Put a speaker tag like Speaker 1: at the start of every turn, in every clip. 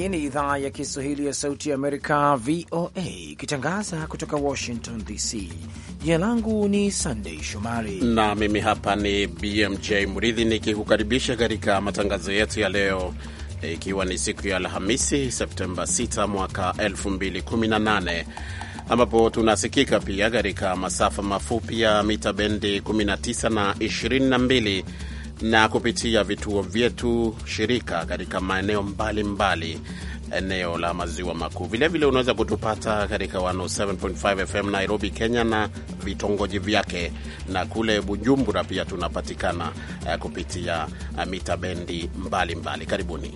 Speaker 1: Hii ni idhaa ya Kiswahili ya Sauti ya Amerika, VOA, ikitangaza kutoka Washington DC. Jina langu ni Sandei Shomari na
Speaker 2: mimi hapa ni BMJ Mridhi nikikukaribisha katika matangazo yetu ya leo, ikiwa ni siku ya Alhamisi Septemba 6 mwaka 2018 ambapo tunasikika pia katika masafa mafupi ya mita bendi 19 na 22 na kupitia vituo vyetu shirika katika maeneo mbalimbali mbali eneo la maziwa makuu. Vilevile unaweza kutupata katika 107.5 FM Nairobi, Kenya na vitongoji vyake, na kule Bujumbura pia tunapatikana eh, kupitia eh, mita bendi mbalimbali mbali. Karibuni.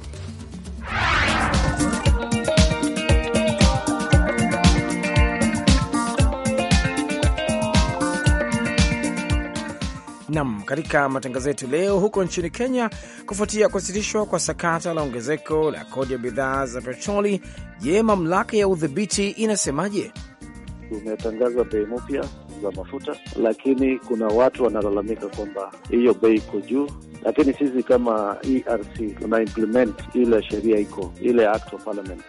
Speaker 1: Nam, katika matangazo yetu leo, huko nchini Kenya, kufuatia kuwasilishwa kwa sakata la ongezeko la kodi ya bidhaa za petroli, je, mamlaka ya udhibiti inasemaje?
Speaker 3: tumetangaza bei mpya za mafuta, lakini kuna watu wanalalamika kwamba hiyo bei iko juu, lakini sisi kama ERC tuna implement ile sheria iko ile act of parliament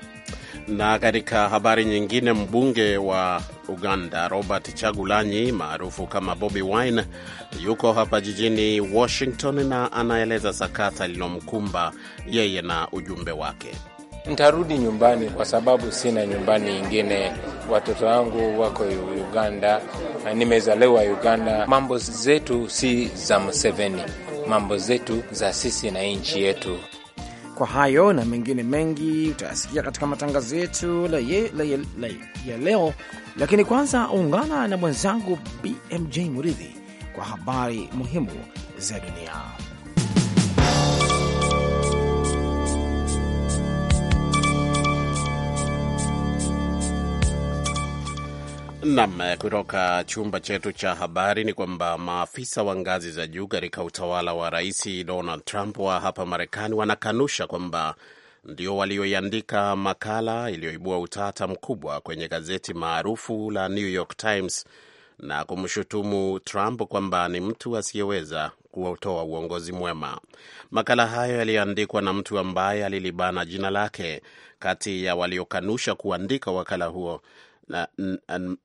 Speaker 2: na katika habari nyingine, mbunge wa Uganda Robert Chagulanyi maarufu kama Bobi Wine yuko hapa jijini Washington na anaeleza sakata lilomkumba yeye na ujumbe wake.
Speaker 4: Ntarudi nyumbani kwa sababu sina nyumbani ingine. Watoto wangu wako Uganda, nimezaliwa Uganda. Mambo zetu si za Museveni, mambo zetu za sisi na nchi yetu.
Speaker 1: Kwa hayo na mengine mengi utayasikia katika matangazo yetu la, ye, la, ye, la ye, ya leo, lakini kwanza ungana na mwenzangu BMJ Muridhi kwa habari muhimu za dunia.
Speaker 2: Nam, eh, kutoka chumba chetu cha habari ni kwamba maafisa wa ngazi za juu katika utawala wa Rais Donald Trump wa hapa Marekani wanakanusha kwamba ndio walioiandika makala iliyoibua utata mkubwa kwenye gazeti maarufu la New York Times na kumshutumu Trump kwamba ni mtu asiyeweza kutoa uongozi mwema. Makala hayo yaliyoandikwa na mtu ambaye alilibana jina lake. Kati ya waliokanusha kuandika wakala huo na, n, n,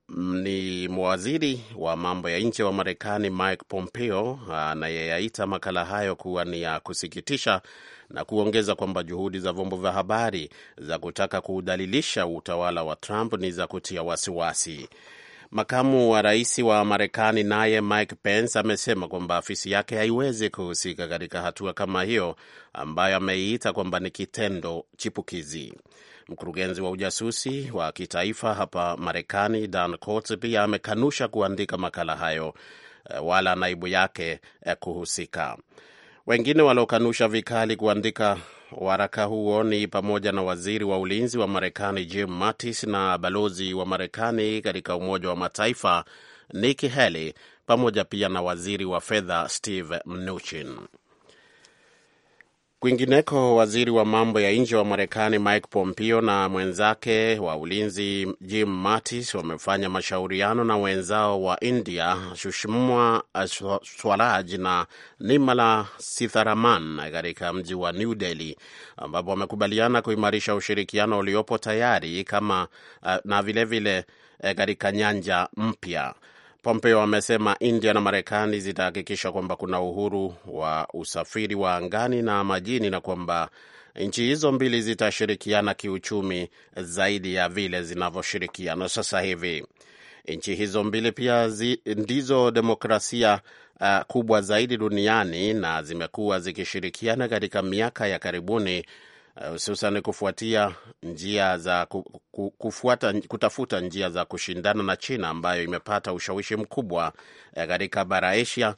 Speaker 2: ni mwaziri wa mambo ya nje wa Marekani Mike Pompeo anayeyaita makala hayo kuwa ni ya kusikitisha na kuongeza kwamba juhudi za vyombo vya habari za kutaka kuudhalilisha utawala wa Trump ni za kutia wasiwasi wasi. Makamu wa rais wa Marekani naye Mike Pence amesema kwamba afisi yake haiwezi kuhusika katika hatua kama hiyo ambayo ameiita kwamba ni kitendo chipukizi. Mkurugenzi wa ujasusi wa kitaifa hapa Marekani, Dan Coats, pia amekanusha kuandika makala hayo eh, wala naibu yake eh, kuhusika. Wengine waliokanusha vikali kuandika waraka huo ni pamoja na waziri wa ulinzi wa Marekani Jim Mattis na balozi wa Marekani katika Umoja wa Mataifa Nikki Haley pamoja pia na waziri wa fedha Steve Mnuchin. Kwingineko, waziri wa mambo ya nje wa Marekani Mike Pompeo na mwenzake wa ulinzi Jim Mattis wamefanya mashauriano na wenzao wa India Sushma Swaraj na Nirmala Sitharaman katika mji wa New Delhi, ambapo wamekubaliana kuimarisha ushirikiano uliopo tayari kama eh, na vilevile eh, katika vile, nyanja mpya. Pompeo amesema India na Marekani zitahakikisha kwamba kuna uhuru wa usafiri wa angani na majini na kwamba nchi hizo mbili zitashirikiana kiuchumi zaidi ya vile zinavyoshirikiana sasa hivi. Nchi hizo mbili pia zi, ndizo demokrasia uh, kubwa zaidi duniani na zimekuwa zikishirikiana katika miaka ya karibuni Uh, hususan kufuatia njia za kufuata, kutafuta njia za kushindana na China ambayo imepata ushawishi mkubwa eh, katika bara Asia,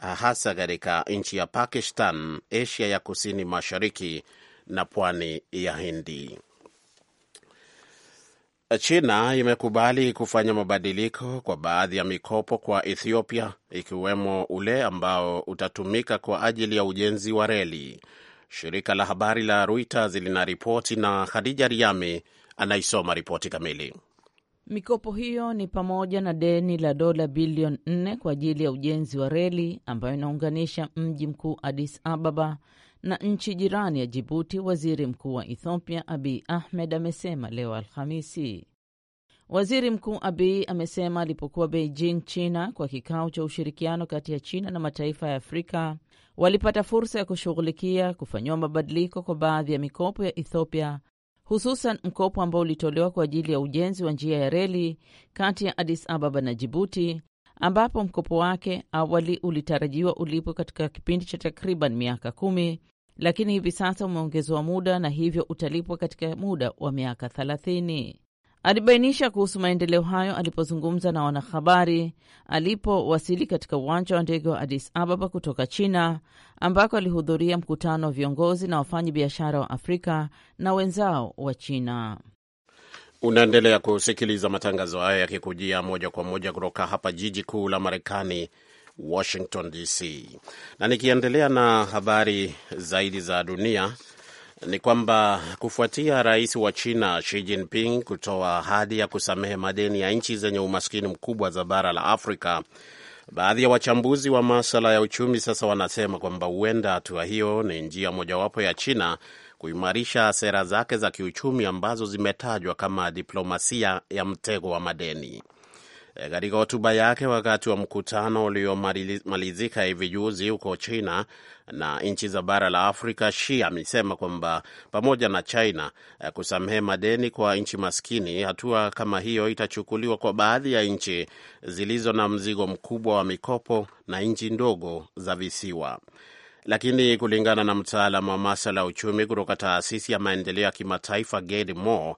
Speaker 2: ah, hasa katika nchi ya Pakistan, Asia ya kusini mashariki na pwani ya Hindi. China imekubali kufanya mabadiliko kwa baadhi ya mikopo kwa Ethiopia, ikiwemo ule ambao utatumika kwa ajili ya ujenzi wa reli. Shirika la habari la Reuters linaripoti na Khadija Riami anaisoma ripoti kamili.
Speaker 5: Mikopo hiyo ni pamoja na deni la dola bilioni 4 kwa ajili ya ujenzi wa reli ambayo inaunganisha mji mkuu Addis Ababa na nchi jirani ya Jibuti. Waziri mkuu wa Ethiopia Abiy Ahmed amesema leo Alhamisi. Waziri mkuu Abiy amesema alipokuwa Beijing, China, kwa kikao cha ushirikiano kati ya China na mataifa ya Afrika walipata fursa ya kushughulikia kufanyiwa mabadiliko kwa baadhi ya mikopo ya Ethiopia, hususan mkopo ambao ulitolewa kwa ajili ya ujenzi wa njia ya reli kati ya Addis Ababa na Jibuti, ambapo mkopo wake awali ulitarajiwa ulipwe katika kipindi cha takriban miaka kumi, lakini hivi sasa umeongezewa muda na hivyo utalipwa katika muda wa miaka thelathini. Alibainisha kuhusu maendeleo hayo alipozungumza na wanahabari alipowasili katika uwanja wa ndege wa Addis Ababa kutoka China, ambako alihudhuria mkutano wa viongozi na wafanyi biashara wa Afrika na wenzao wa China.
Speaker 2: Unaendelea kusikiliza matangazo haya yakikujia moja kwa moja kutoka hapa jiji kuu la Marekani, Washington DC. Na nikiendelea na habari zaidi za dunia ni kwamba kufuatia rais wa China Xi Jinping kutoa ahadi ya kusamehe madeni ya nchi zenye umaskini mkubwa za bara la Afrika, baadhi ya wachambuzi wa masala ya uchumi sasa wanasema kwamba huenda hatua hiyo ni njia mojawapo ya China kuimarisha sera zake za kiuchumi ambazo zimetajwa kama diplomasia ya mtego wa madeni. Katika hotuba yake wakati wa mkutano uliomalizika hivi juzi huko China na nchi za bara la Afrika, Xi amesema kwamba pamoja na China eh, kusamehe madeni kwa nchi maskini, hatua kama hiyo itachukuliwa kwa baadhi ya nchi zilizo na mzigo mkubwa wa mikopo na nchi ndogo za visiwa. Lakini kulingana na mtaalamu wa masala ya uchumi kutoka taasisi ya maendeleo ya kimataifa Gedi Moore,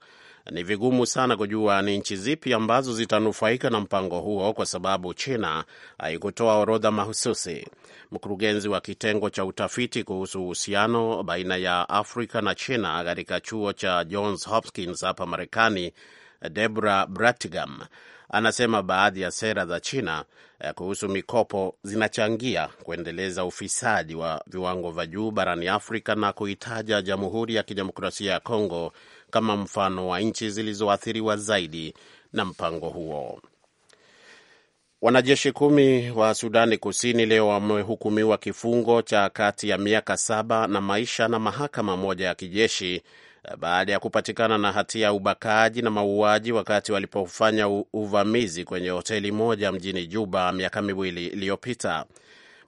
Speaker 2: ni vigumu sana kujua ni nchi zipi ambazo zitanufaika na mpango huo kwa sababu China haikutoa orodha mahususi. Mkurugenzi wa kitengo cha utafiti kuhusu uhusiano baina ya Afrika na China katika chuo cha Johns Hopkins hapa Marekani, Debra Bratigam anasema baadhi ya sera za China eh, kuhusu mikopo zinachangia kuendeleza ufisadi wa viwango vya juu barani Afrika na kuitaja Jamhuri ya Kidemokrasia ya Kongo kama mfano wa nchi zilizoathiriwa zaidi na mpango huo. Wanajeshi kumi wa Sudani Kusini leo wamehukumiwa kifungo cha kati ya miaka saba na maisha na mahakama moja ya kijeshi eh, baada ya kupatikana na hatia ya ubakaji na mauaji wakati walipofanya uvamizi kwenye hoteli moja mjini Juba miaka miwili iliyopita.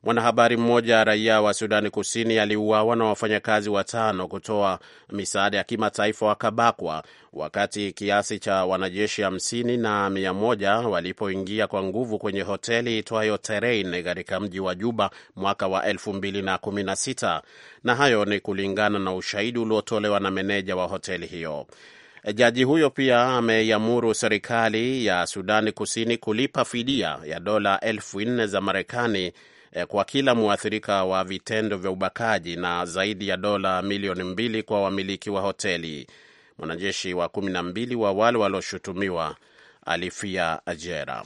Speaker 2: Mwanahabari mmoja raia wa Sudani Kusini aliuawa na wafanyakazi watano kutoa misaada ya kimataifa wakabakwa, wakati kiasi cha wanajeshi hamsini na mia moja walipoingia kwa nguvu kwenye hoteli itwayo Terein katika mji wa Juba mwaka wa elfu mbili na kumi na sita na hayo ni kulingana na ushahidi uliotolewa na meneja wa hoteli hiyo. Jaji huyo pia ameiamuru serikali ya Sudani Kusini kulipa fidia ya dola elfu nne za Marekani Eh, kwa kila mwathirika wa vitendo vya ubakaji na zaidi ya dola milioni mbili kwa wamiliki wa hoteli. Mwanajeshi wa kumi na mbili wa wale walioshutumiwa alifia ajera.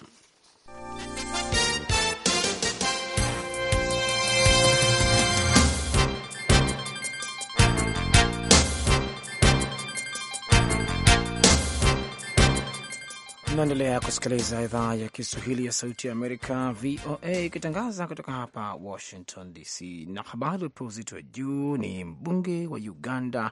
Speaker 1: Unaendelea kusikiliza idhaa ya Kiswahili ya Sauti ya Amerika, VOA, ikitangaza kutoka hapa Washington DC. Na habari ulipewa uzito wa juu ni mbunge wa Uganda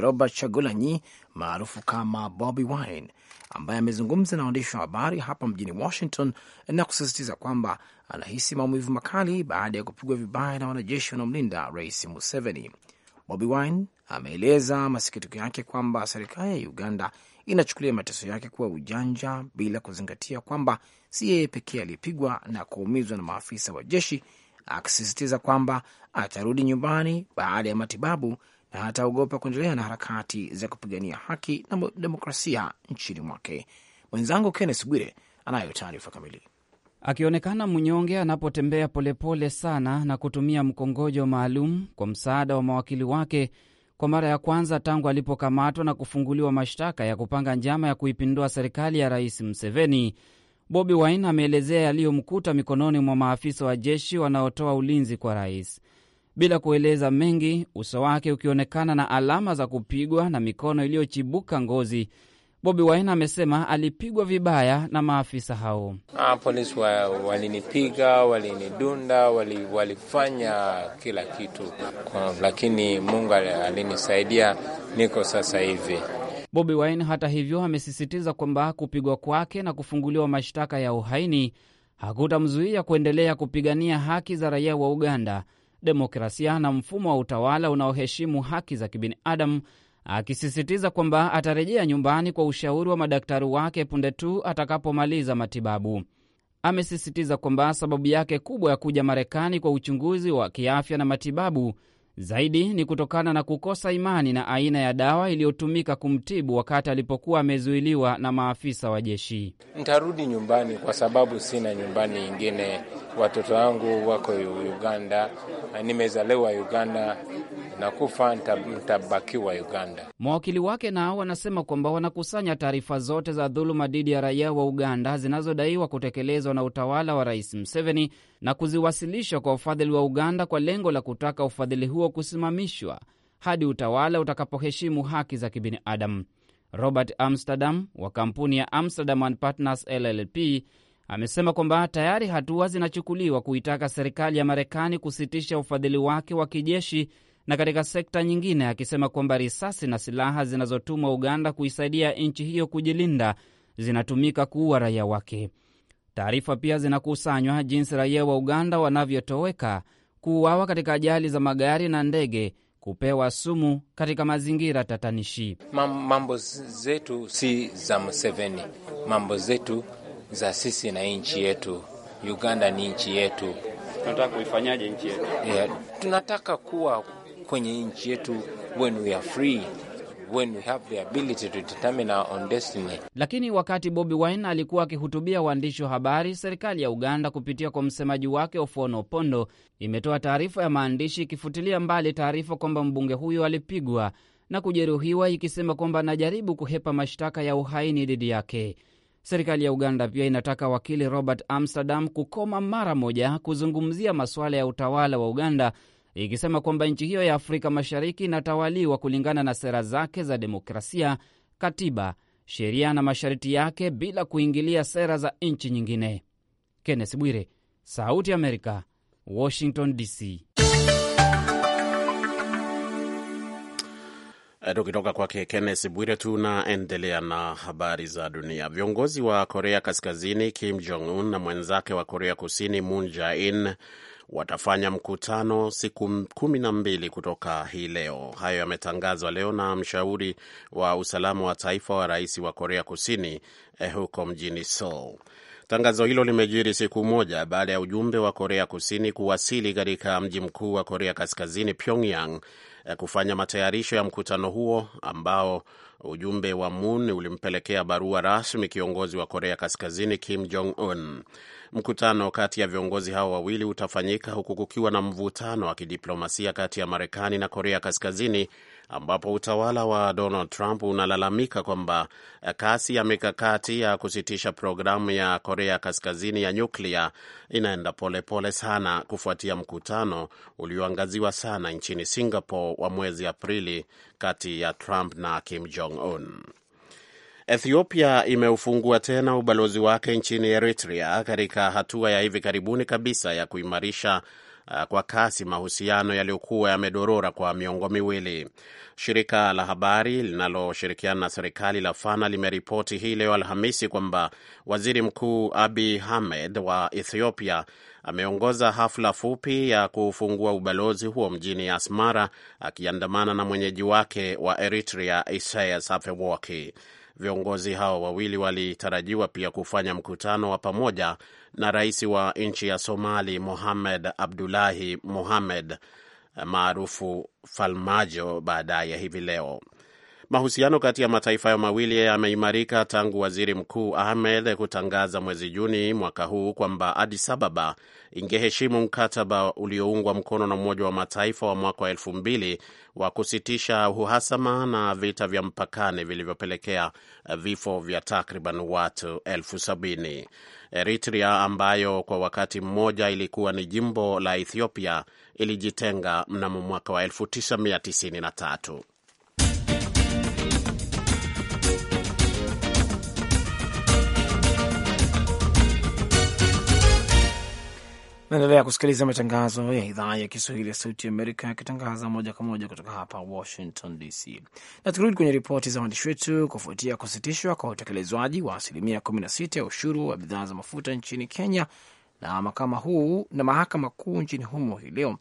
Speaker 1: Robert Chagulanyi maarufu kama Bobi Wine, ambaye amezungumza na waandishi wa habari hapa mjini Washington na kusisitiza kwamba anahisi maumivu makali baada ya kupigwa vibaya na wanajeshi wanaomlinda Rais Museveni. Bobi Wine ameeleza masikitiko yake kwamba serikali ya Uganda inachukulia mateso yake kuwa ujanja bila kuzingatia kwamba si yeye pekee aliyepigwa na kuumizwa na maafisa wa jeshi, akisisitiza kwamba atarudi nyumbani baada ya matibabu na hataogopa kuendelea na harakati za kupigania haki na demokrasia nchini mwake. Mwenzangu Kenneth Bwire anayo taarifa kamili.
Speaker 6: Akionekana mnyonge anapotembea polepole sana na kutumia mkongojo maalum kwa msaada wa mawakili wake kwa mara ya kwanza tangu alipokamatwa na kufunguliwa mashtaka ya kupanga njama ya kuipindua serikali ya Rais Museveni. Bobi Wine ameelezea yaliyomkuta mikononi mwa maafisa wa jeshi wanaotoa ulinzi kwa rais, bila kueleza mengi, uso wake ukionekana na alama za kupigwa na mikono iliyochibuka ngozi Bobi Wine amesema alipigwa vibaya na maafisa hao.
Speaker 4: Ah, polisi wa, walinipiga, walinidunda, wali, walifanya kila kitu kwa, lakini Mungu alinisaidia, niko sasa hivi.
Speaker 6: Bobi Wine hata hivyo amesisitiza kwamba kupigwa kwake na kufunguliwa mashtaka ya uhaini hakutamzuia kuendelea kupigania haki za raia wa Uganda, demokrasia na mfumo wa utawala unaoheshimu haki za kibinadamu akisisitiza kwamba atarejea nyumbani kwa ushauri wa madaktari wake punde tu atakapomaliza matibabu. Amesisitiza kwamba sababu yake kubwa ya kuja Marekani kwa uchunguzi wa kiafya na matibabu zaidi ni kutokana na kukosa imani na aina ya dawa iliyotumika kumtibu wakati alipokuwa amezuiliwa na maafisa wa jeshi.
Speaker 4: Ntarudi nyumbani kwa sababu sina nyumbani ingine watoto wangu wako Uganda, nimezaliwa Uganda na kufa nitabakiwa Uganda.
Speaker 6: Mawakili wake nao wanasema kwamba wanakusanya taarifa zote za dhuluma dhidi ya raia wa Uganda zinazodaiwa kutekelezwa na utawala wa Rais Museveni na kuziwasilisha kwa ufadhili wa Uganda kwa lengo la kutaka ufadhili huo kusimamishwa hadi utawala utakapoheshimu haki za kibinadamu. Robert Amsterdam wa kampuni ya Amsterdam and Partners LLP amesema kwamba tayari hatua zinachukuliwa kuitaka serikali ya Marekani kusitisha ufadhili wake wa kijeshi na katika sekta nyingine, akisema kwamba risasi na silaha zinazotumwa Uganda kuisaidia nchi hiyo kujilinda zinatumika kuua raia wake. Taarifa pia zinakusanywa jinsi raia wa Uganda wanavyotoweka, kuuawa katika ajali za magari na ndege, kupewa sumu katika mazingira tatanishi.
Speaker 4: Mambo zetu si za Museveni, mambo zetu za sisi na nchi yetu. Uganda ni nchi yetu, tunataka kuifanyaje nchi yetu? Yeah, tunataka kuwa kwenye nchi yetu when we are free When we have the ability to determine our own destiny.
Speaker 6: Lakini wakati Bobi Wine alikuwa akihutubia waandishi wa habari, serikali ya Uganda kupitia kwa msemaji wake Ofuono Opondo imetoa taarifa ya maandishi ikifutilia mbali taarifa kwamba mbunge huyo alipigwa na kujeruhiwa, ikisema kwamba anajaribu kuhepa mashtaka ya uhaini dhidi yake. Serikali ya Uganda pia inataka wakili Robert Amsterdam kukoma mara moja kuzungumzia masuala ya utawala wa Uganda, ikisema kwamba nchi hiyo ya Afrika Mashariki inatawaliwa kulingana na sera zake za demokrasia, katiba, sheria na masharti yake bila kuingilia sera za nchi nyingine. Kenneth Bwire, Sauti ya Amerika, Washington DC.
Speaker 2: Eh, tukitoka kwake Kenneth Bwire, tunaendelea na habari za dunia. Viongozi wa Korea Kaskazini Kim Jong Un na mwenzake wa Korea Kusini Moon Jae-in watafanya mkutano siku kumi na mbili kutoka hii leo. Hayo yametangazwa leo na mshauri wa usalama wa taifa wa rais wa Korea Kusini eh, huko mjini Seoul. Tangazo hilo limejiri siku moja baada ya ujumbe wa Korea Kusini kuwasili katika mji mkuu wa Korea Kaskazini, Pyongyang, eh, kufanya matayarisho ya mkutano huo ambao ujumbe wa Moon ulimpelekea barua rasmi kiongozi wa Korea Kaskazini Kim Jong Un. Mkutano kati ya viongozi hao wawili utafanyika huku kukiwa na mvutano wa kidiplomasia kati ya Marekani na Korea Kaskazini ambapo utawala wa Donald Trump unalalamika kwamba kasi ya mikakati ya kusitisha programu ya Korea Kaskazini ya nyuklia inaenda polepole pole sana, kufuatia mkutano ulioangaziwa sana nchini Singapore wa mwezi Aprili kati ya Trump na Kim Jong Un. Ethiopia imeufungua tena ubalozi wake nchini Eritrea katika hatua ya hivi karibuni kabisa ya kuimarisha Uh, kwa kasi mahusiano yaliyokuwa yamedorora kwa miongo miwili. Shirika la habari linaloshirikiana na serikali la Fana limeripoti hii leo Alhamisi kwamba waziri mkuu Abi hamed wa Ethiopia ameongoza hafla fupi ya kufungua ubalozi huo mjini Asmara akiandamana na mwenyeji wake wa Eritrea Isaias Afewerki. Viongozi hao wawili walitarajiwa pia kufanya mkutano wa pamoja na rais wa nchi ya Somali Mohamed Abdullahi Mohamed maarufu Falmajo baadaye hivi leo. Mahusiano kati ya mataifa ya mawili yameimarika tangu waziri mkuu Ahmed kutangaza mwezi Juni mwaka huu kwamba Addis Ababa ingeheshimu mkataba ulioungwa mkono na Umoja wa Mataifa wa mwaka wa elfu mbili wa kusitisha uhasama na vita vya mpakani vilivyopelekea vifo vya takriban watu elfu sabini. Eritrea ambayo kwa wakati mmoja ilikuwa ni jimbo la Ethiopia ilijitenga mnamo mwaka wa tatu.
Speaker 1: Naendelea kusikiliza matangazo ya idhaa ya Kiswahili ya Sauti Amerika yakitangaza moja kwa moja kutoka hapa Washington DC. Na tukirudi kwenye ripoti za waandishi wetu, kufuatia kusitishwa kwa utekelezwaji wa asilimia 16 ya ushuru wa bidhaa za mafuta nchini Kenya na mahakama huu na mahakama kuu nchini humo hii leo,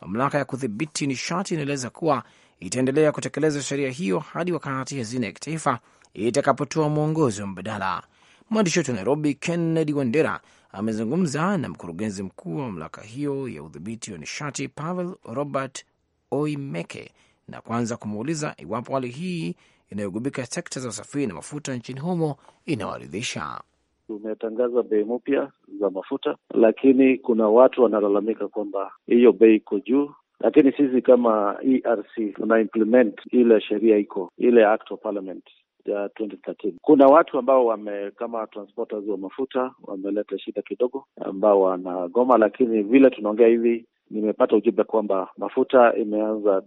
Speaker 1: mamlaka ya kudhibiti nishati inaeleza kuwa itaendelea kutekeleza sheria hiyo hadi wakati hazina ya kitaifa itakapotoa mwongozo mbadala. Mwandishi wetu wa Nairobi, Kennedy Wandera amezungumza na mkurugenzi mkuu wa mamlaka hiyo ya udhibiti wa nishati Pavel Robert Oimeke na kwanza kumuuliza iwapo hali hii inayogubika sekta za usafiri na mafuta nchini
Speaker 3: humo inawaridhisha. Tumetangaza bei mpya za mafuta, lakini kuna watu wanalalamika kwamba hiyo bei iko juu lakini sisi kama ERC tuna implement ile sheria iko ile act of parliament ya 2013. Kuna watu ambao wame kama transporters wa mafuta wameleta shida kidogo, ambao wanagoma, lakini vile tunaongea hivi nimepata ujumbe kwamba mafuta imeanza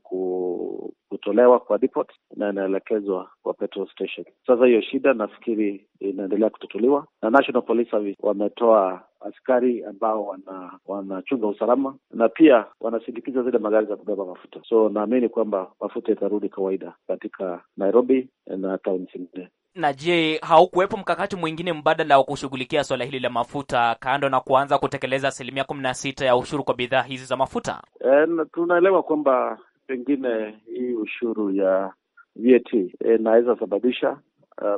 Speaker 3: kutolewa kwa depot na inaelekezwa kwa petrol station. Sasa hiyo shida nafikiri inaendelea kutatuliwa na National Police Service wametoa askari ambao wana wanachunga usalama na pia wanasindikiza zile magari za kubeba mafuta. So naamini kwamba mafuta itarudi kawaida katika Nairobi na tauni zingine.
Speaker 6: Na je, haukuwepo mkakati mwingine mbadala wa kushughulikia swala hili la mafuta kando na kuanza kutekeleza
Speaker 3: asilimia kumi na sita ya ushuru kwa bidhaa hizi za mafuta? E, tunaelewa kwamba pengine hii ushuru ya VAT e, inaweza e, sababisha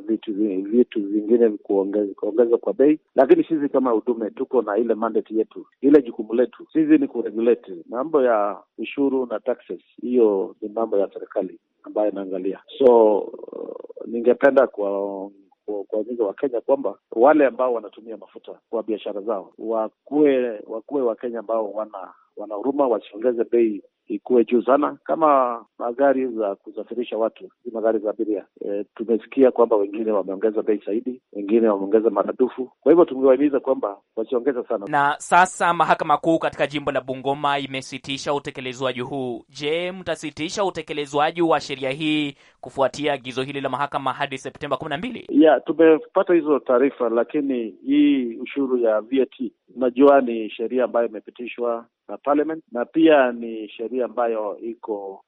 Speaker 3: vitu uh, vitu vingine kuongezwa kwa bei, lakini sisi kama hudume tuko na ile mandate yetu, ile jukumu letu sisi ni kuregulate mambo ya ushuru na taxes. Hiyo ni mambo ya serikali ambayo inaangalia, so uh, ningependa kwa kuwaamiza Wakenya kwamba wale ambao wanatumia mafuta kwa biashara zao wakuwe wakuwe Wakenya ambao wana wana huruma, wasiongeze bei ikuwe juu sana, kama magari za kusafirisha watu, si magari za abiria. E, tumesikia kwamba wengine wameongeza bei zaidi, wengine wameongeza maradufu. Kwa hivyo tumewahimiza kwamba wasiongeza sana. Na
Speaker 6: sasa mahakama kuu katika jimbo la Bungoma imesitisha utekelezwaji huu. Je, mtasitisha utekelezwaji wa sheria hii kufuatia agizo hili la mahakama hadi Septemba kumi na mbili. Yeah,
Speaker 3: tumepata hizo taarifa, lakini hii ushuru ya VAT unajua ni sheria ambayo imepitishwa na parliament na pia ni sheria ambayo iko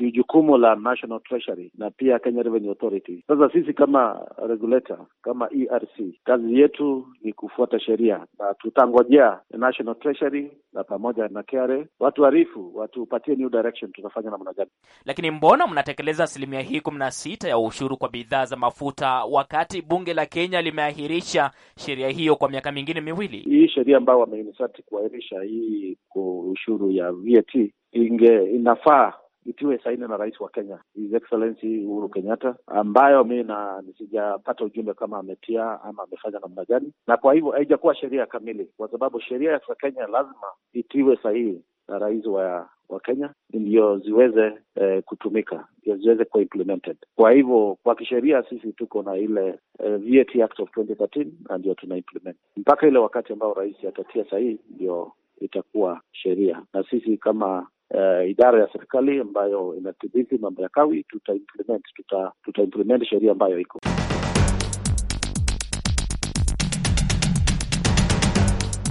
Speaker 3: ni jukumu la National Treasury na pia Kenya Revenue Authority. Sasa sisi kama regulator, kama ERC, kazi yetu ni kufuata sheria na tutangojea National Treasury na pamoja na KRA watuarifu, watupatie new direction tutafanya namna gani.
Speaker 6: Lakini mbona mnatekeleza asilimia sahihi 16 ya ushuru kwa bidhaa za mafuta, wakati bunge la Kenya limeahirisha sheria hiyo kwa miaka mingine miwili.
Speaker 3: Hii sheria ambayo wameinisati kuahirisha hii ushuru ya VAT inge inafaa itiwe saini na rais wa Kenya His Excellency Uhuru Kenyatta, ambayo mi na nisijapata ujumbe kama ametia ama amefanya namna gani, na kwa hivyo haijakuwa sheria kamili, kwa sababu sheria za Kenya lazima itiwe sahihi na rais wa wa Kenya ndio ziweze eh, kutumika ndio ziweze kuwa implemented. Kwa hivyo kwa kisheria sisi tuko na ile eh, VAT Act of 2013 na ndio tuna implement mpaka ile wakati ambao rais atatia sahihi ndio itakuwa sheria, na sisi kama eh, idara ya serikali ambayo inatibiti mambo ya kawi tuta implement, tuta, tuta implement sheria ambayo iko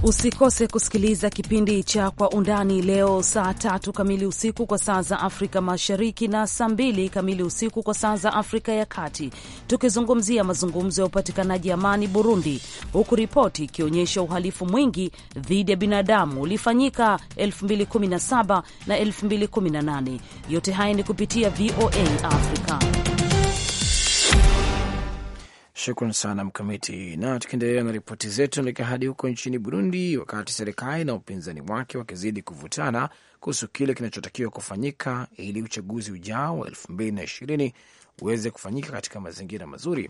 Speaker 6: Usikose
Speaker 5: kusikiliza kipindi cha Kwa Undani leo saa tatu kamili usiku kwa saa za Afrika Mashariki na saa mbili kamili usiku kwa saa za Afrika ya Kati, tukizungumzia mazungumzo ya upatikanaji amani Burundi, huku ripoti ikionyesha uhalifu mwingi dhidi ya binadamu ulifanyika 2017 na 2018. Yote haya ni kupitia VOA Africa.
Speaker 1: Shukran sana Mkamiti. Na tukiendelea na ripoti zetu, naelekea hadi huko nchini Burundi, wakati serikali na upinzani wake wakizidi kuvutana kuhusu kile kinachotakiwa kufanyika ili uchaguzi ujao wa elfu mbili na ishirini uweze kufanyika katika mazingira mazuri.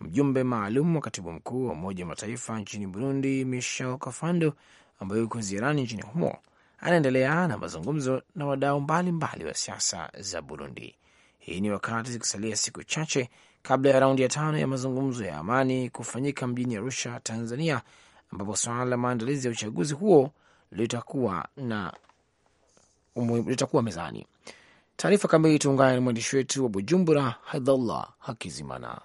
Speaker 1: Mjumbe maalum wa katibu mkuu wa Umoja wa Mataifa nchini Burundi, Michel Kafando, ambaye yuko ziarani nchini humo, anaendelea na mazungumzo na wadau mbalimbali wa siasa za Burundi. Hii ni wakati zikisalia siku chache kabla ya raundi ya tano ya mazungumzo ya amani kufanyika mjini Arusha, Tanzania, ambapo suala la maandalizi ya uchaguzi huo litakuwa na litakuwa mezani. Taarifa
Speaker 7: kamili tuungane na mwandishi wetu wa Bujumbura, Hadhallah Hakizimana.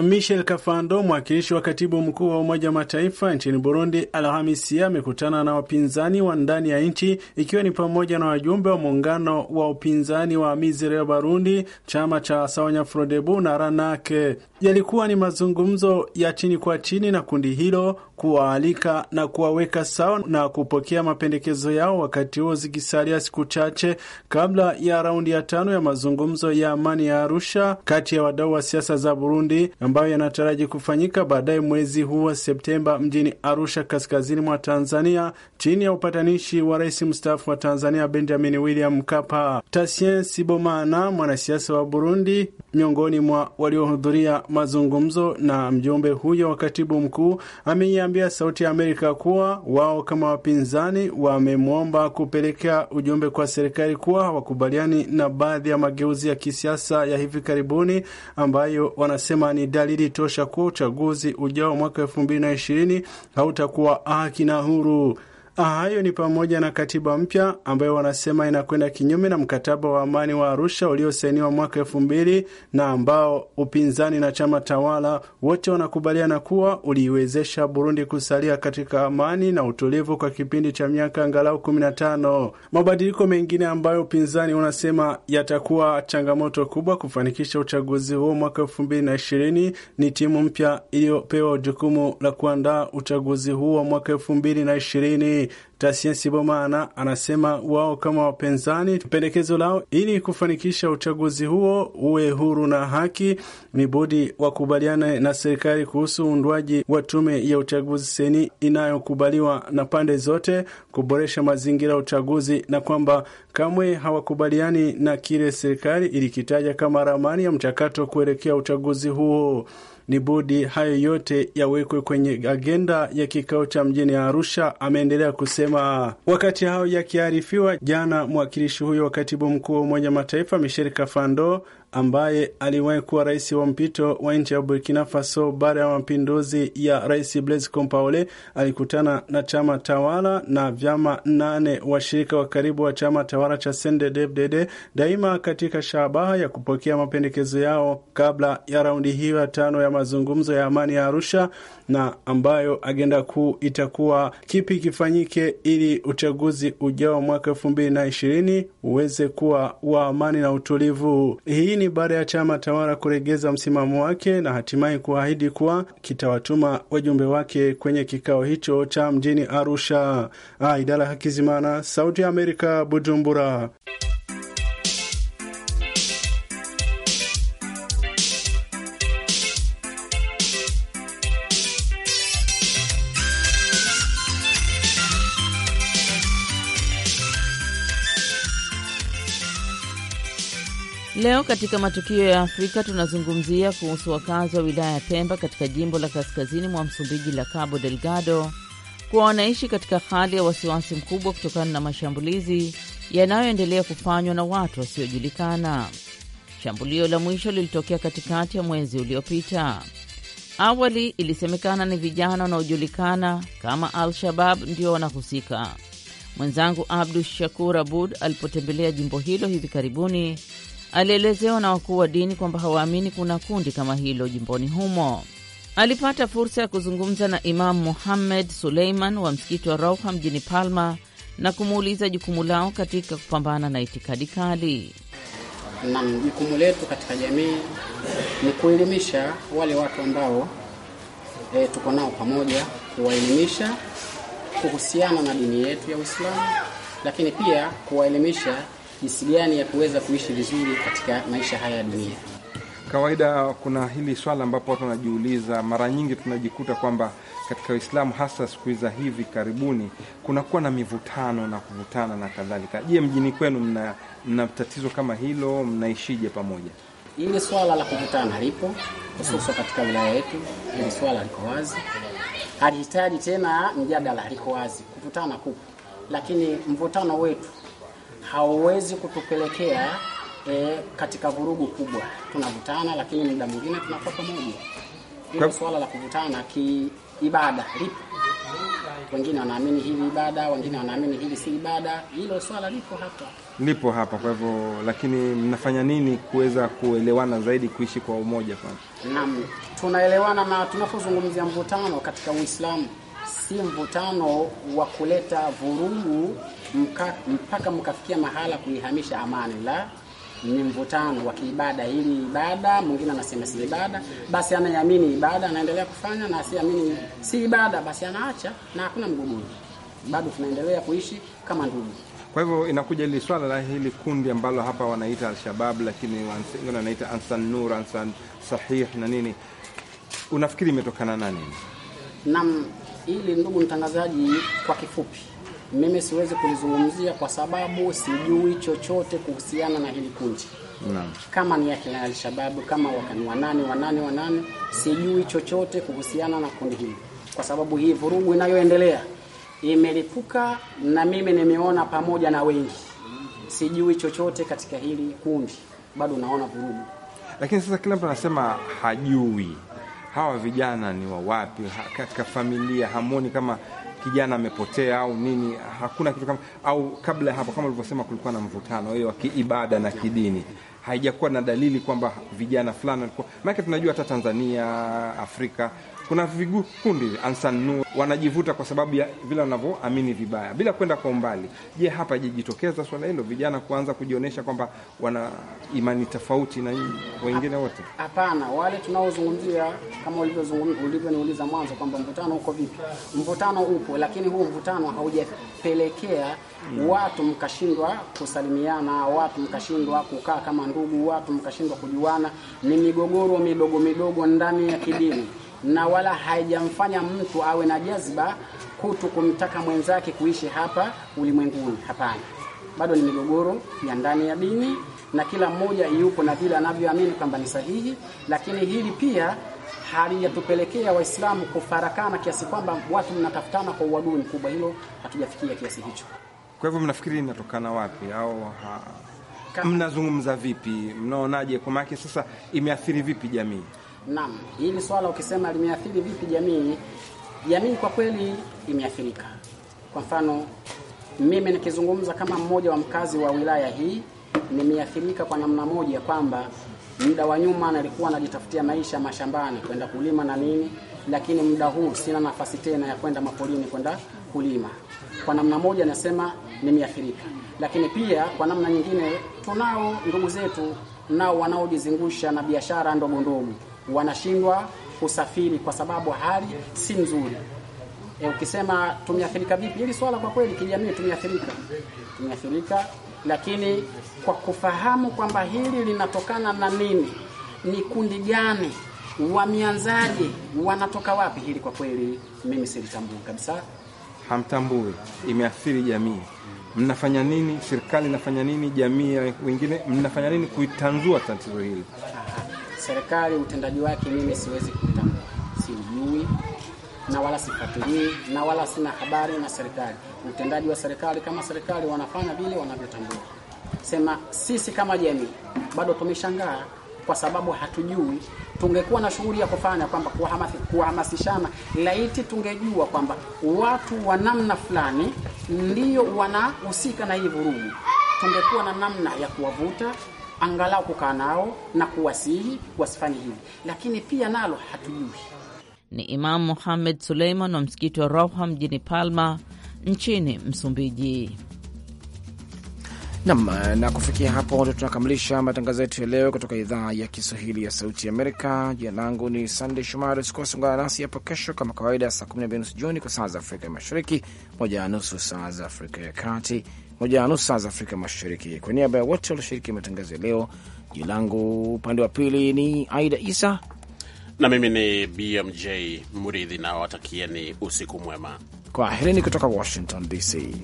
Speaker 7: Michel Kafando, mwakilishi wa katibu mkuu wa Umoja wa Mataifa nchini Burundi, Alhamisi amekutana na wapinzani wa ndani ya nchi ikiwa ni pamoja na wajumbe wa muungano wa upinzani wa Amizero ya Barundi, chama cha Sawanya Frodebu na Ranake. Yalikuwa ni mazungumzo ya chini kwa chini na kundi hilo kuwaalika na kuwaweka sawa na kupokea mapendekezo yao, wakati huo zikisalia siku chache kabla ya raundi ya tano ya mazungumzo ya amani ya Arusha kati ya wadau wa siasa za Burundi ambayo yanataraji kufanyika baadaye mwezi huu wa Septemba mjini Arusha, kaskazini mwa Tanzania, chini ya upatanishi wa rais mstaafu wa Tanzania Benjamin William Mkapa. Tasien Sibomana, mwanasiasa wa Burundi miongoni mwa waliohudhuria mazungumzo na mjumbe huyo wa katibu mkuu ameiambia Sauti ya Amerika kuwa wao kama wapinzani wamemwomba kupelekea ujumbe kwa serikali kuwa hawakubaliani na baadhi ya mageuzi ya kisiasa ya hivi karibuni ambayo wanasema ni dalili tosha kuwa uchaguzi ujao mwaka ishirini hautakuwa haki na huru. Ah, hayo ni pamoja na katiba mpya ambayo wanasema inakwenda kinyume na mkataba wa amani wa Arusha uliosainiwa mwaka elfu mbili na ambao upinzani na chama tawala wote wanakubaliana kuwa uliiwezesha Burundi kusalia katika amani na utulivu kwa kipindi cha miaka angalau tano Mabadiliko mengine ambayo upinzani unasema yatakuwa changamoto kubwa kufanikisha uchaguzi huo mwaka elfu mbili na ishirini ni timu mpya iliyopewa jukumu la kuandaa uchaguzi huo mwaka elfu mbili na ishirini. Tasia Sibomana anasema wao kama wapinzani, pendekezo lao ili kufanikisha uchaguzi huo uwe huru na haki, ni bodi wakubaliane na serikali kuhusu uundwaji wa tume ya uchaguzi seni inayokubaliwa na pande zote, kuboresha mazingira ya uchaguzi, na kwamba kamwe hawakubaliani na kile serikali ilikitaja kama ramani ya mchakato kuelekea uchaguzi huo ni budi hayo yote yawekwe kwenye agenda ya kikao cha mjini Arusha, ameendelea kusema. Wakati hao yakiarifiwa jana, mwakilishi huyo wa katibu mkuu wa Umoja Mataifa Michel Kafando ambaye aliwahi kuwa rais wa mpito wa nchi ya Burkina Faso baada ya mapinduzi ya Rais Blaise Compaore, alikutana na chama tawala na vyama nane washirika wa karibu wa chama tawala cha CNDD-FDD daima katika shabaha ya kupokea mapendekezo yao kabla ya raundi hiyo ya tano ya mazungumzo ya amani ya Arusha, na ambayo agenda kuu itakuwa kipi kifanyike ili uchaguzi ujao mwaka ishirini uweze kuwa wa amani na utulivu. Hii Marekani baada ya chama tawala kuregeza msimamo wake na hatimaye kuahidi kuwa kitawatuma wajumbe wake kwenye kikao hicho cha mjini Arusha. Ah, idala Hakizimana, Sauti ya Amerika, Bujumbura.
Speaker 5: Leo katika matukio ya Afrika tunazungumzia kuhusu wakazi wa wilaya ya Pemba katika jimbo la kaskazini mwa Msumbiji la Cabo Delgado kuwa wanaishi katika hali ya wasiwasi mkubwa kutokana na mashambulizi yanayoendelea kufanywa na watu wasiojulikana. Shambulio la mwisho lilitokea katikati ya mwezi uliopita. Awali ilisemekana ni vijana wanaojulikana kama Al-Shabab ndio wanahusika. Mwenzangu Abdu Shakur Abud alipotembelea jimbo hilo hivi karibuni alielezewa na wakuu wa dini kwamba hawaamini kuna kundi kama hilo jimboni humo. Alipata fursa ya kuzungumza na Imamu Muhammed Suleiman wa msikiti wa Rauha mjini Palma na kumuuliza jukumu lao katika kupambana na itikadi kali.
Speaker 8: nam jukumu letu katika jamii ni kuelimisha wale watu ambao e, tuko nao pamoja, kuwaelimisha kuhusiana na dini yetu ya Uislamu, lakini pia kuwaelimisha jinsi gani ya kuweza kuishi vizuri katika maisha haya ya dunia.
Speaker 9: Kawaida kuna hili swala ambapo watu wanajiuliza, mara nyingi tunajikuta kwamba katika Uislamu hasa siku za hivi karibuni kunakuwa na mivutano na kuvutana na kadhalika. Je, mjini kwenu mna, mna tatizo kama hilo? Mnaishije pamoja?
Speaker 8: Hili swala la kuvutana lipo hususa katika wilaya yetu, hili swala liko wazi, halihitaji tena mjadala, liko wazi. Kuvutana kupo, lakini mvutano wetu hauwezi kutupelekea e, katika vurugu kubwa. Tunavutana, lakini muda mwingine tunakuwa pamoja. Hilo swala la kuvutana kiibada lipo, wengine wanaamini hili ibada, wengine wanaamini hili si ibada. Hilo swala lipo hapa,
Speaker 9: lipo hapa. Kwa hivyo, lakini mnafanya nini kuweza kuelewana zaidi, kuishi kwa umoja? Kwanza
Speaker 8: naam, tunaelewana na tunapozungumzia mvutano katika Uislamu si mvutano wa kuleta vurugu mka, mpaka mkafikia mahala kuihamisha amani. La, ni mvutano wa kiibada. Hii ibada, mwingine anasema si ibada, basi anayeamini ibada anaendelea kufanya na asiamini si ibada, basi anaacha na hakuna mgogoro, bado tunaendelea kuishi kama ndugu.
Speaker 9: Kwa hivyo inakuja hili swala la hili kundi ambalo hapa wanaita Alshabab, lakini wengine wanaita Ansan Nur, Ansan Sahih na nini. Unafikiri imetokana na nini?
Speaker 8: Naam, ili ndugu mtangazaji, kwa kifupi mimi siwezi kulizungumzia kwa sababu sijui chochote kuhusiana na hili kundi no. Kama ni akina Alshababu kama wakani wanane wanane wanane, sijui chochote kuhusiana na kundi hili, kwa sababu hii vurugu inayoendelea imelipuka na mimi nimeona pamoja na wengi, sijui chochote katika hili kundi, bado naona vurugu.
Speaker 9: Lakini sasa kila mtu anasema hajui hawa vijana ni wa wapi katika familia Hamoni kama kijana amepotea au nini, hakuna kitu kama au kabla ya hapo, kama ulivyosema, kulikuwa na mvutano hiyo wa kiibada na kidini haijakuwa na dalili kwamba vijana fulani walikuwa, maanake tunajua hata Tanzania, Afrika kuna vikundi ansanu wanajivuta kwa sababu ya vile wanavyoamini vibaya, bila kwenda kwa umbali. Je, hapa ijijitokeza swala hilo, vijana kuanza kujionyesha kwamba wana imani tofauti na wengine wote?
Speaker 8: Hapana, wale tunaozungumzia kama ulivyoniuliza mwanzo kwamba mvutano uko vipi, mvutano upo, lakini huu mvutano haujapelekea hmm, watu mkashindwa kusalimiana, watu mkashindwa kukaa kama ndugu, watu mkashindwa kujuana, ni migogoro midogo midogo ndani ya kidini, na wala haijamfanya mtu awe na jazba kutu kumtaka mwenzake kuishi hapa ulimwenguni. Hapana, bado ni migogoro ya ndani ya dini, na kila mmoja yupo na vile anavyoamini kwamba ni sahihi, lakini hili pia halijatupelekea Waislamu kufarakana kiasi kwamba watu mnatafutana kwa uadui mkubwa. Hilo hatujafikia kiasi hicho.
Speaker 9: Kwa hivyo mnafikiri inatokana wapi au mnazungumza vipi? Mnaonaje? Kwa maana sasa imeathiri vipi jamii? Naam, hili swala ukisema
Speaker 8: limeathiri vipi jamii, jamii kwa kweli imeathirika. Kwa mfano mimi nikizungumza kama mmoja wa mkazi wa wilaya hii, nimeathirika kwa namna moja kwamba muda wa nyuma nilikuwa najitafutia maisha mashambani kwenda kulima na nini, lakini muda huu sina nafasi tena ya kwenda mapolini kwenda kulima. Kwa namna moja nasema nimeathirika. Lakini pia kwa namna nyingine, tunao ndugu zetu nao wanaojizungusha na biashara ndogo ndogo, wanashindwa kusafiri kwa sababu hali si nzuri. E, ukisema tumeathirika vipi hili swala, kwa kweli kijamii tumeathirika, tumeathirika, lakini kwa kufahamu kwamba hili linatokana na nini, ni kundi gani, wameanzaje, wanatoka wapi, hili kwa kweli mimi silitambui kabisa.
Speaker 9: Hamtambui, imeathiri jamii mnafanya nini, serikali inafanya nini, jamii wengine mnafanya nini kuitanzua tatizo hili?
Speaker 8: Serikali utendaji wake mimi siwezi kutambua, siujui na wala sifuatilii na wala sina habari na serikali, utendaji wa serikali kama serikali wanafanya vile wanavyotambua. Sema sisi kama jamii bado tumeshangaa kwa sababu hatujui tungekuwa na shughuli ya kufanya kwamba kuhamasishana, laiti tungejua kwamba watu wa namna fulani ndio wanahusika na hii vurugu, tungekuwa na namna ya kuwavuta angalau kukaa nao na kuwasihi wasifanye hivi, lakini pia nalo hatujui.
Speaker 5: Ni Imamu Muhamed Suleiman wa msikiti wa Rauha mjini Palma nchini
Speaker 1: Msumbiji. Nam na kufikia hapo ndo tunakamilisha matangazo yetu ya leo kutoka idhaa ya Kiswahili ya Sauti Amerika. Jina langu ni Sandey Shomari. Usikose ungana nasi hapo kesho kama kawaida saa 12 jioni kwa saa za Afrika Mashariki, moja na nusu saa za Afrika ya Kati, moja na nusu saa za Afrika Mashariki. Kwa niaba ya wote walioshiriki matangazo ya leo, jina langu upande wa pili ni Aida Isa
Speaker 2: na mimi ni BMJ Muridhi, na watakieni usiku mwema.
Speaker 1: Kwaherini kutoka Washington DC.